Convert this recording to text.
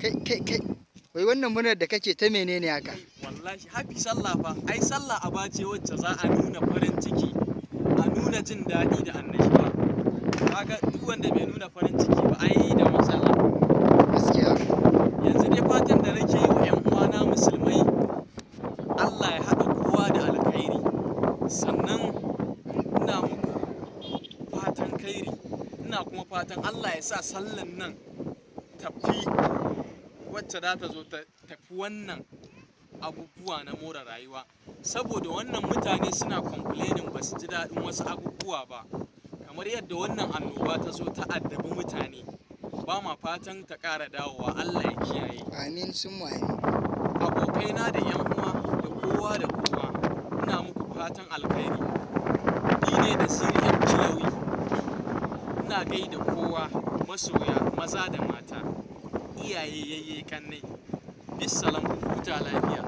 kai kai kai wai wannan murnar da kake ta menene haka wallahi hafi sallah fa ai sallah aba ce wacce za a nuna farin ciki a nuna jin daɗi da annashuwa kaga duk wanda bai nuna farin ciki ba ai da matsala gaskiya yanzu dai fatan da nake yi wa 'yan uwana musulmai Allah ya haɗa kowa da alkhairi sannan ina muku fatan kairi ina kuma fatan Allah ya sa sallan nan tafi wacce za ta zo ta tafi wannan abubuwa na more rayuwa saboda wannan mutane suna complaining ba su ji daɗin wasu abubuwa ba kamar yadda wannan annoba ta zo ta addabi mutane ba ma fatan ta ƙara dawowa Allah ya kiyaye amin sun waye abokaina da yan uwa da kowa da kowa ina muku fatan alkhairi ni ne da siriyar kilawi ina gaida kowa masoya maza da mata ಸರಿಯಾಗಿ ಕಣ್ಣಿ ಬಿಸಲಂ ಉಜಾಲ ಇದೆಯಾ